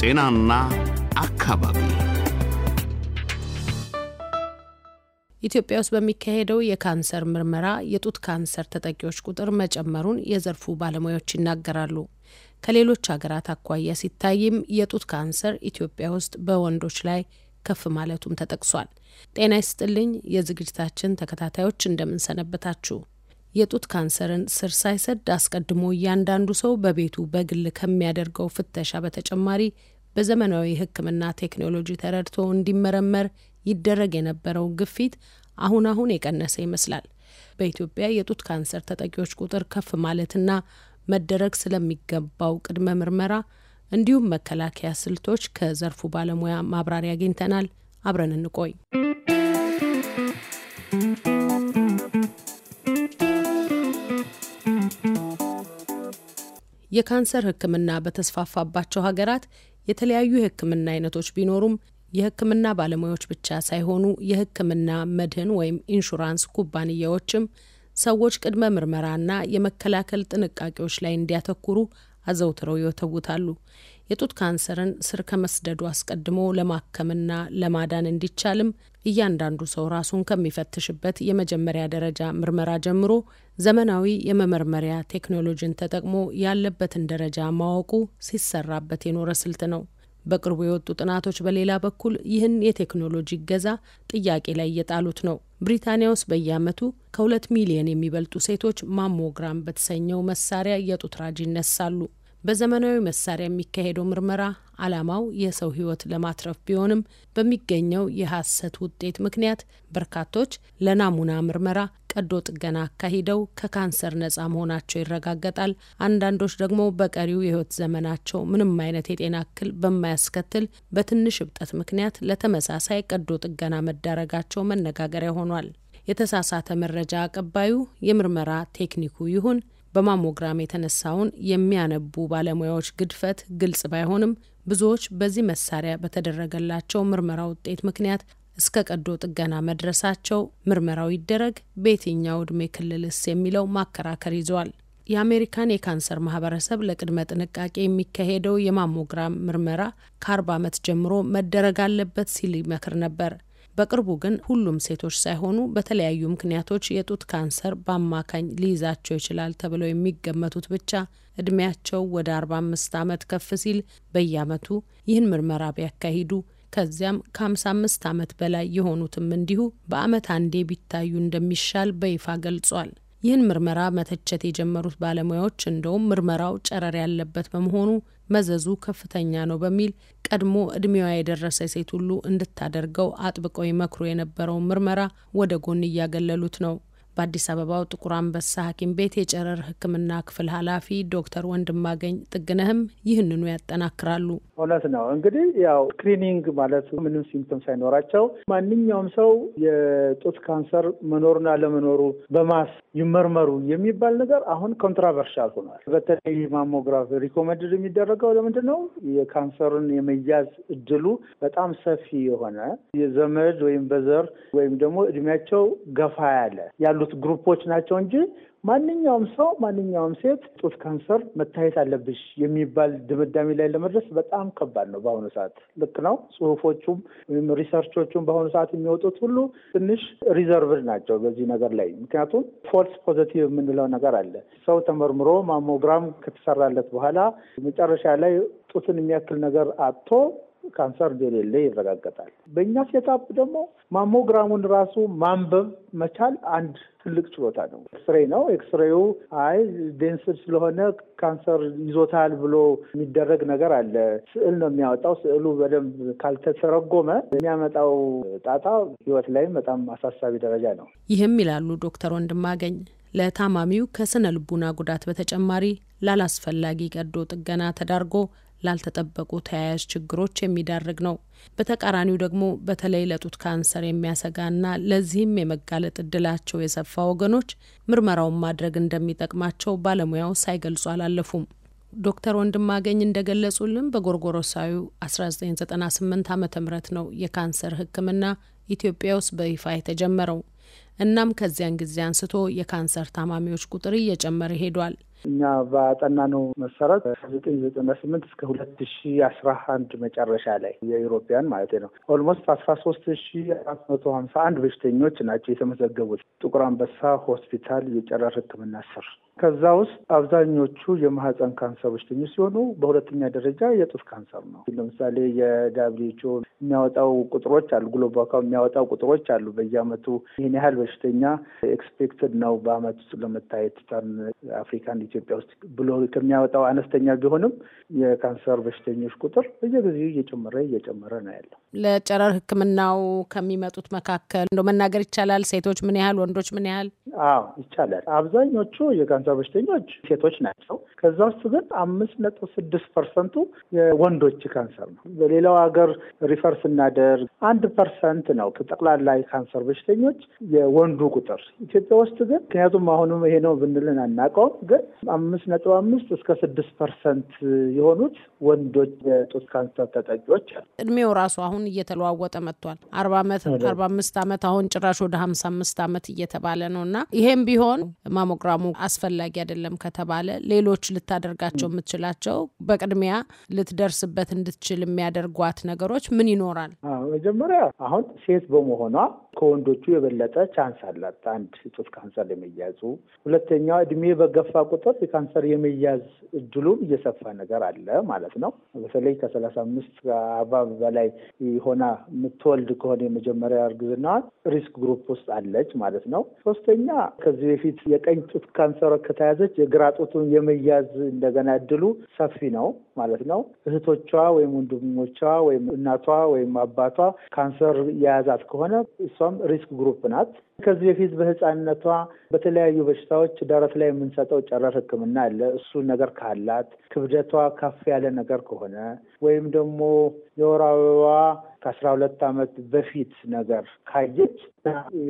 ጤናና አካባቢ ኢትዮጵያ ውስጥ በሚካሄደው የካንሰር ምርመራ የጡት ካንሰር ተጠቂዎች ቁጥር መጨመሩን የዘርፉ ባለሙያዎች ይናገራሉ። ከሌሎች ሀገራት አኳያ ሲታይም የጡት ካንሰር ኢትዮጵያ ውስጥ በወንዶች ላይ ከፍ ማለቱም ተጠቅሷል። ጤና ይስጥልኝ የዝግጅታችን ተከታታዮች እንደምንሰነበታችሁ። የጡት ካንሰርን ስር ሳይሰድ አስቀድሞ እያንዳንዱ ሰው በቤቱ በግል ከሚያደርገው ፍተሻ በተጨማሪ በዘመናዊ ሕክምና ቴክኖሎጂ ተረድቶ እንዲመረመር ይደረግ የነበረው ግፊት አሁን አሁን የቀነሰ ይመስላል። በኢትዮጵያ የጡት ካንሰር ተጠቂዎች ቁጥር ከፍ ማለትና መደረግ ስለሚገባው ቅድመ ምርመራ እንዲሁም መከላከያ ስልቶች ከዘርፉ ባለሙያ ማብራሪያ አግኝተናል። አብረን እንቆይ። የካንሰር ህክምና በተስፋፋባቸው ሀገራት የተለያዩ የህክምና አይነቶች ቢኖሩም የህክምና ባለሙያዎች ብቻ ሳይሆኑ የህክምና መድህን ወይም ኢንሹራንስ ኩባንያዎችም ሰዎች ቅድመ ምርመራና የመከላከል ጥንቃቄዎች ላይ እንዲያተኩሩ አዘውትረው ይወተውታሉ። የጡት ካንሰርን ስር ከመስደዱ አስቀድሞ ለማከምና ለማዳን እንዲቻልም እያንዳንዱ ሰው ራሱን ከሚፈትሽበት የመጀመሪያ ደረጃ ምርመራ ጀምሮ ዘመናዊ የመመርመሪያ ቴክኖሎጂን ተጠቅሞ ያለበትን ደረጃ ማወቁ ሲሰራበት የኖረ ስልት ነው። በቅርቡ የወጡ ጥናቶች በሌላ በኩል ይህን የቴክኖሎጂ እገዛ ጥያቄ ላይ እየጣሉት ነው። ብሪታንያ ውስጥ በየዓመቱ ከሁለት ሚሊዮን የሚበልጡ ሴቶች ማሞግራም በተሰኘው መሳሪያ የጡት ራጅ ይነሳሉ። በዘመናዊ መሳሪያ የሚካሄደው ምርመራ ዓላማው የሰው ሕይወት ለማትረፍ ቢሆንም በሚገኘው የሐሰት ውጤት ምክንያት በርካቶች ለናሙና ምርመራ ቀዶ ጥገና አካሂደው ከካንሰር ነጻ መሆናቸው ይረጋገጣል። አንዳንዶች ደግሞ በቀሪው የሕይወት ዘመናቸው ምንም አይነት የጤና እክል በማያስከትል በትንሽ እብጠት ምክንያት ለተመሳሳይ ቀዶ ጥገና መዳረጋቸው መነጋገሪያ ሆኗል። የተሳሳተ መረጃ አቀባዩ የምርመራ ቴክኒኩ ይሁን በማሞግራም የተነሳውን የሚያነቡ ባለሙያዎች ግድፈት ግልጽ ባይሆንም ብዙዎች በዚህ መሳሪያ በተደረገላቸው ምርመራ ውጤት ምክንያት እስከ ቀዶ ጥገና መድረሳቸው ምርመራው ይደረግ በየትኛው ዕድሜ ክልልስ የሚለው ማከራከር ይዘዋል። የአሜሪካን የካንሰር ማህበረሰብ ለቅድመ ጥንቃቄ የሚካሄደው የማሞግራም ምርመራ ከአርባ ዓመት ጀምሮ መደረግ አለበት ሲል ይመክር ነበር። በቅርቡ ግን ሁሉም ሴቶች ሳይሆኑ በተለያዩ ምክንያቶች የጡት ካንሰር በአማካኝ ሊይዛቸው ይችላል ተብለው የሚገመቱት ብቻ እድሜያቸው ወደ 45 ዓመት ከፍ ሲል በየአመቱ ይህን ምርመራ ቢያካሂዱ ከዚያም ከ55 ዓመት በላይ የሆኑትም እንዲሁ በአመት አንዴ ቢታዩ እንደሚሻል በይፋ ገልጿል። ይህን ምርመራ መተቸት የጀመሩት ባለሙያዎች እንደውም ምርመራው ጨረር ያለበት በመሆኑ መዘዙ ከፍተኛ ነው በሚል ቀድሞ እድሜዋ የደረሰ ሴት ሁሉ እንድታደርገው አጥብቀው ይመክሩ የነበረውን ምርመራ ወደ ጎን እያገለሉት ነው። በአዲስ አበባው ጥቁር አንበሳ ሐኪም ቤት የጨረር ሕክምና ክፍል ኃላፊ ዶክተር ወንድማገኝ ጥግነህም ይህንኑ ያጠናክራሉ። እውነት ነው እንግዲህ ያው ስክሪኒንግ ማለት ምንም ሲምፕቶም ሳይኖራቸው ማንኛውም ሰው የጡት ካንሰር መኖሩና ለመኖሩ በማስ ይመርመሩ የሚባል ነገር አሁን ኮንትራቨርሻል ሆኗል። በተለይ ማሞግራፍ ሪኮመንድድ የሚደረገው ለምንድን ነው? የካንሰሩን የመያዝ እድሉ በጣም ሰፊ የሆነ የዘመድ ወይም በዘር ወይም ደግሞ እድሜያቸው ገፋ ያለ ያሉ ያሉት ግሩፖች ናቸው እንጂ ማንኛውም ሰው ማንኛውም ሴት ጡት ካንሰር መታየት አለብሽ የሚባል ድምዳሜ ላይ ለመድረስ በጣም ከባድ ነው። በአሁኑ ሰዓት ልክ ነው። ጽሁፎቹም ወይም ሪሰርቾቹም በአሁኑ ሰዓት የሚወጡት ሁሉ ትንሽ ሪዘርቭድ ናቸው በዚህ ነገር ላይ። ምክንያቱም ፎልስ ፖዘቲቭ የምንለው ነገር አለ። ሰው ተመርምሮ ማሞግራም ከተሰራለት በኋላ መጨረሻ ላይ ጡትን የሚያክል ነገር አጥቶ ካንሰር እንደሌለ ይረጋገጣል። በእኛ ሴታፕ ደግሞ ማሞግራሙን ራሱ ማንበብ መቻል አንድ ትልቅ ችሎታ ነው። ኤክስሬይ ነው። ኤክስሬዩ አይ ዴንስር ስለሆነ ካንሰር ይዞታል ብሎ የሚደረግ ነገር አለ። ስዕል ነው የሚያወጣው። ስዕሉ በደንብ ካልተተረጎመ የሚያመጣው ጣጣ ህይወት ላይም በጣም አሳሳቢ ደረጃ ነው። ይህም ይላሉ ዶክተር ወንድማገኝ ለታማሚው ከስነ ልቡና ጉዳት በተጨማሪ ላላስፈላጊ ቀዶ ጥገና ተዳርጎ ላልተጠበቁ ተያያዥ ችግሮች የሚዳርግ ነው። በተቃራኒው ደግሞ በተለይ ለጡት ካንሰር የሚያሰጋና ለዚህም የመጋለጥ እድላቸው የሰፋ ወገኖች ምርመራውን ማድረግ እንደሚጠቅማቸው ባለሙያው ሳይገልጹ አላለፉም። ዶክተር ወንድማገኝ እንደገለጹልን በጎርጎሮሳዊ 1998 ዓ ም ነው የካንሰር ሕክምና ኢትዮጵያ ውስጥ በይፋ የተጀመረው። እናም ከዚያን ጊዜ አንስቶ የካንሰር ታማሚዎች ቁጥር እየጨመረ ሄዷል። እኛ ባጠናነው መሰረት ዘጠኝ ዘጠና ስምንት እስከ ሁለት ሺ አስራ አንድ መጨረሻ ላይ የኢሮፒያን ማለት ነው ኦልሞስት አስራ ሶስት ሺ አራት መቶ ሀምሳ አንድ በሽተኞች ናቸው የተመዘገቡት ጥቁር አንበሳ ሆስፒታል የጨረር ሕክምና ስር። ከዛ ውስጥ አብዛኞቹ የማህፀን ካንሰር በሽተኞች ሲሆኑ በሁለተኛ ደረጃ የጡት ካንሰር ነው። ለምሳሌ የዳብሊቾ የሚያወጣው ቁጥሮች አሉ፣ ግሎባካ የሚያወጣው ቁጥሮች አሉ። በየአመቱ ይህን ያህል በሽተኛ ኤክስፔክትድ ነው በአመት ውስጥ ለመታየት ጣን አፍሪካን ኢትዮጵያ ውስጥ ብሎ ከሚያወጣው አነስተኛ ቢሆንም የካንሰር በሽተኞች ቁጥር በየጊዜው እየጨመረ እየጨመረ ነው ያለው። ለጨረር ሕክምናው ከሚመጡት መካከል እንደ መናገር ይቻላል ሴቶች ምን ያህል፣ ወንዶች ምን ያህል? አዎ ይቻላል። አብዛኞቹ የካንሰር በሽተኞች ሴቶች ናቸው። ከዛ ውስጥ ግን አምስት ነጥብ ስድስት ፐርሰንቱ የወንዶች ካንሰር ነው። በሌላው ሀገር ሪፈር ስናደርግ አንድ ፐርሰንት ነው ከጠቅላላ የካንሰር በሽተኞች የወንዱ ቁጥር ኢትዮጵያ ውስጥ ግን ምክንያቱም አሁንም ይሄ ነው ብንልን አናውቀውም ግን አምስት ነጥብ አምስት እስከ ስድስት ፐርሰንት የሆኑት ወንዶች የጡት ካንሰር ተጠቂዎች አሉ። እድሜው ራሱ አሁን እየተለዋወጠ መጥቷል። አርባ አመት አርባ አምስት አመት አሁን ጭራሽ ወደ ሀምሳ አምስት አመት እየተባለ ነው እና ይሄም ቢሆን ማሞግራሙ አስፈላጊ አይደለም ከተባለ ሌሎች ልታደርጋቸው የምትችላቸው በቅድሚያ ልትደርስበት እንድትችል የሚያደርጓት ነገሮች ምን ይኖራል? መጀመሪያ አሁን ሴት በመሆኗ ከወንዶቹ የበለጠ ቻንስ አላት አንድ ጡት ካንሰር ለመያዙ። ሁለተኛው እድሜ በገፋ ቁጥር በመከሰት የካንሰር የመያዝ እድሉም እየሰፋ ነገር አለ ማለት ነው። በተለይ ከሰላሳ አምስት አባብ በላይ ሆና የምትወልድ ከሆነ የመጀመሪያ እርግዝናዋን ሪስክ ግሩፕ ውስጥ አለች ማለት ነው። ሶስተኛ ከዚህ በፊት የቀኝ ጡት ካንሰር ከተያዘች የግራ ጡቱን የመያዝ እንደገና እድሉ ሰፊ ነው ማለት ነው። እህቶቿ ወይም ወንድሞቿ ወይም እናቷ ወይም አባቷ ካንሰር የያዛት ከሆነ እሷም ሪስክ ግሩፕ ናት። ከዚህ በፊት በህፃንነቷ በተለያዩ በሽታዎች ደረት ላይ የምንሰጠው ጨረር ህክምና አለ። እሱ ነገር ካላት ክብደቷ ከፍ ያለ ነገር ከሆነ ወይም ደግሞ የወር አበባዋ ከአስራ ሁለት ዓመት በፊት ነገር ካየች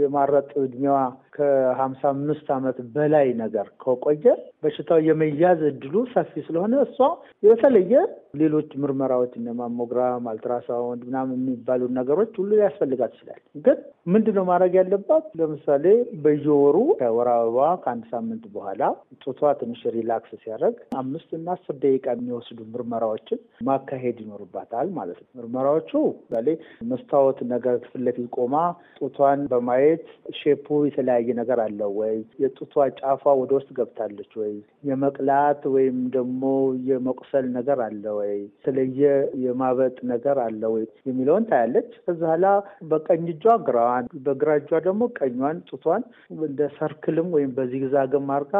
የማረጥ እድሜዋ ከሀምሳ አምስት ዓመት በላይ ነገር ከቆየ በሽታው የመያዝ እድሉ ሰፊ ስለሆነ እሷ የተለየ ሌሎች ምርመራዎች እነ ማሞግራም፣ አልትራሳውንድ ምናምን የሚባሉ ነገሮች ሁሉ ሊያስፈልጋት ይችላል። ግን ምንድነው ማድረግ ያለባት? ለምሳሌ በየወሩ ከወር አበባዋ ከአንድ ሳምንት በኋላ ጡቷ ትንሽ ሪላክስ ሲያደርግ አምስት እና አስር ደቂቃ የሚወስዱ ምርመራዎችን ማካሄድ ይኖርባታል ማለት ነው። ምርመራዎቹ ለምሳሌ መስታወት ነገር ፊት ለፊት ቆማ ጡቷን በማየት ሼፑ የተለያየ ነገር አለው ወይ፣ የጡቷ ጫፏ ወደ ውስጥ ገብታለች ወይ፣ የመቅላት ወይም ደግሞ የመቁሰል ነገር አለ ወይ፣ የተለየ የማበጥ ነገር አለ ወይ የሚለውን ታያለች። ከዛ ኋላ በቀኝ እጇ ግራዋን፣ በግራ እጇ ደግሞ ቀኟን ጡቷን እንደ ሰርክልም ወይም በዚግዛግም አርጋ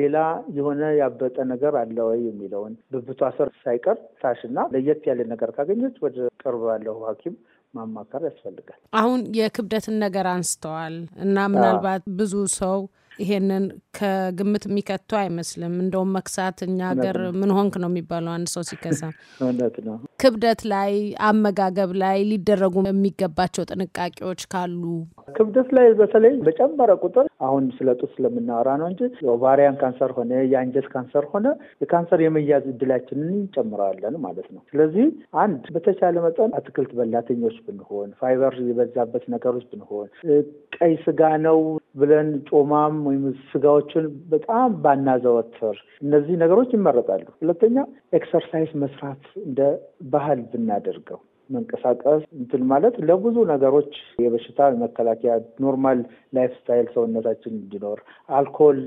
ሌላ የሆነ ያበጠ ነገር አለ ወይ የሚለውን ብብቷ ስር ሳይቀር ታሽና ለየት ያለ ነገር ካገኘች ወደ ቅርብ ሐኪም ሐኪም ማማከር ያስፈልጋል። አሁን የክብደትን ነገር አንስተዋል እና ምናልባት ብዙ ሰው ይሄንን ከግምት የሚከቱ አይመስልም። እንደውም መክሳት እኛ ሀገር ምን ሆንክ ነው የሚባለው አንድ ሰው ሲከሳ። እውነት ነው። ክብደት ላይ፣ አመጋገብ ላይ ሊደረጉ የሚገባቸው ጥንቃቄዎች ካሉ ክብደት ላይ በተለይ በጨመረ ቁጥር አሁን ስለ ጡት ስለምናወራ ነው እንጂ ኦቫሪያን ካንሰር ሆነ የአንጀት ካንሰር ሆነ የካንሰር የመያዝ እድላችንን እንጨምረዋለን ማለት ነው። ስለዚህ አንድ በተቻለ መጠን አትክልት በላተኞች ብንሆን፣ ፋይበር የበዛበት ነገሮች ብንሆን፣ ቀይ ስጋ ነው ብለን ጮማም ወይም ስጋዎችን በጣም ባናዘወትር እነዚህ ነገሮች ይመረጣሉ። ሁለተኛ ኤክሰርሳይዝ መስራት እንደ ባህል ብናደርገው መንቀሳቀስ እንትን ማለት ለብዙ ነገሮች የበሽታ መከላከያ ኖርማል ላይፍ ስታይል ሰውነታችን እንዲኖር፣ አልኮል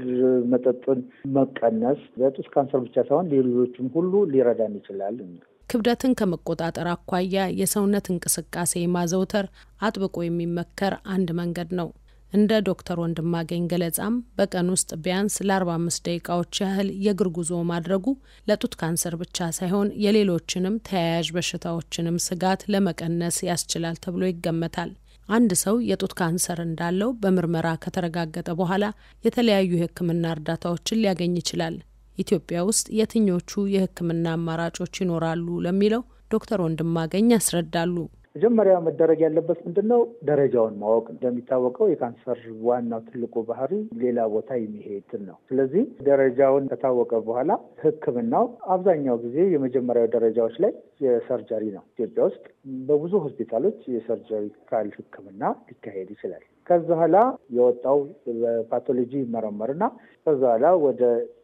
መጠጥን መቀነስ ለጡት ካንሰር ብቻ ሳይሆን ሌሎችም ሁሉ ሊረዳን ይችላል። ክብደትን ከመቆጣጠር አኳያ የሰውነት እንቅስቃሴ ማዘውተር አጥብቆ የሚመከር አንድ መንገድ ነው። እንደ ዶክተር ወንድማገኝ ገለጻም በቀን ውስጥ ቢያንስ ለ45 ደቂቃዎች ያህል የእግር ጉዞ ማድረጉ ለጡት ካንሰር ብቻ ሳይሆን የሌሎችንም ተያያዥ በሽታዎችንም ስጋት ለመቀነስ ያስችላል ተብሎ ይገመታል። አንድ ሰው የጡት ካንሰር እንዳለው በምርመራ ከተረጋገጠ በኋላ የተለያዩ የሕክምና እርዳታዎችን ሊያገኝ ይችላል። ኢትዮጵያ ውስጥ የትኞቹ የሕክምና አማራጮች ይኖራሉ ለሚለው ዶክተር ወንድማገኝ ያስረዳሉ። መጀመሪያ መደረግ ያለበት ምንድን ነው? ደረጃውን ማወቅ። እንደሚታወቀው የካንሰር ዋናው ትልቁ ባህሪ ሌላ ቦታ የሚሄድ ነው። ስለዚህ ደረጃውን ከታወቀ በኋላ ሕክምናው አብዛኛው ጊዜ የመጀመሪያው ደረጃዎች ላይ የሰርጀሪ ነው። ኢትዮጵያ ውስጥ በብዙ ሆስፒታሎች የሰርጀሪካል ሕክምና ሊካሄድ ይችላል። ከዛ ኋላ የወጣው በፓቶሎጂ ይመረመርና ከዛ ኋላ ወደ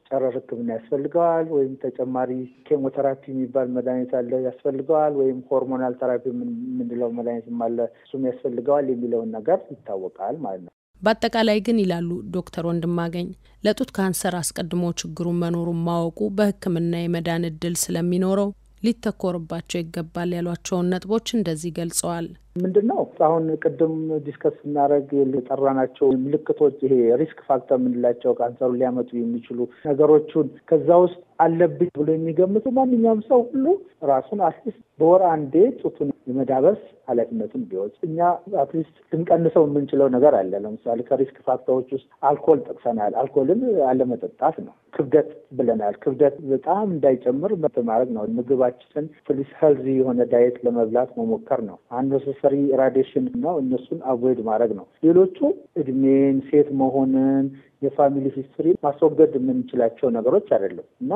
ጨረር ሕክምና ያስፈልገዋል ወይም ተጨማሪ ኬሞቴራፒ የሚባል መድኃኒት አለ ያስፈልገዋል ወይም ሆርሞናል ተራፒ የምንለው መድኃኒትም አለ እሱም ያስፈልገዋል የሚለውን ነገር ይታወቃል ማለት ነው። በአጠቃላይ ግን ይላሉ ዶክተር ወንድማገኝ ለጡት ካንሰር አስቀድሞ ችግሩን መኖሩን ማወቁ በሕክምና የመዳን እድል ስለሚኖረው ሊተኮርባቸው ይገባል ያሏቸውን ነጥቦች እንደዚህ ገልጸዋል። ምንድን ነው አሁን ቅድም ዲስከስ ስናደርግ የጠራናቸው ምልክቶች ይሄ ሪስክ ፋክተር የምንላቸው ካንሰሩ ሊያመጡ የሚችሉ ነገሮቹን ከዛ ውስጥ አለብኝ ብሎ የሚገምቱ ማንኛውም ሰው ሁሉ ራሱን አትሊስት በወር አንዴ ጡቱን የመዳበስ ሀላፊነትን ቢወስድ እኛ አትሊስት ልንቀንሰው የምንችለው ነገር አለ። ለምሳሌ ከሪስክ ፋክተሮች ውስጥ አልኮል ጠቅሰናል። አልኮልን አለመጠጣት ነው። ክብደት ብለናል። ክብደት በጣም እንዳይጨምር ማድረግ ነው። ምግባችንን ፕሊስ ሄልዚ የሆነ ዳየት ለመብላት መሞከር ነው። አንድ ፍሪ ራዲሽን ነው። እነሱን አቮይድ ማድረግ ነው። ሌሎቹ እድሜን፣ ሴት መሆንን፣ የፋሚሊ ሂስትሪ ማስወገድ የምንችላቸው ነገሮች አይደለም እና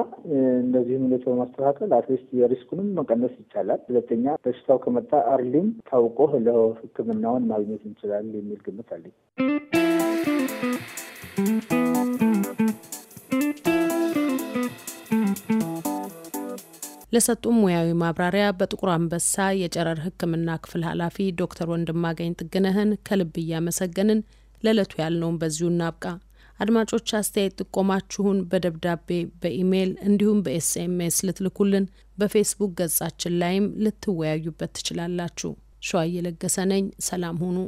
እነዚህ ሁኔታ በማስተካከል አትሊስት የሪስኩንም መቀነስ ይቻላል። ሁለተኛ በሽታው ከመጣ አርሊም ታውቆ ለሕክምናውን ማግኘት እንችላል የሚል ግምት አለኝ። ለሰጡ ሙያዊ ማብራሪያ በጥቁር አንበሳ የጨረር ሕክምና ክፍል ኃላፊ ዶክተር ወንድማገኝ ጥግነህን ከልብ እያመሰገንን ለዕለቱ ያልነውን በዚሁ እናብቃ። አድማጮች አስተያየት ጥቆማችሁን በደብዳቤ በኢሜይል እንዲሁም በኤስኤምኤስ ልትልኩልን፣ በፌስቡክ ገጻችን ላይም ልትወያዩበት ትችላላችሁ። ሸዋ እየለገሰ ነኝ። ሰላም ሁኑ።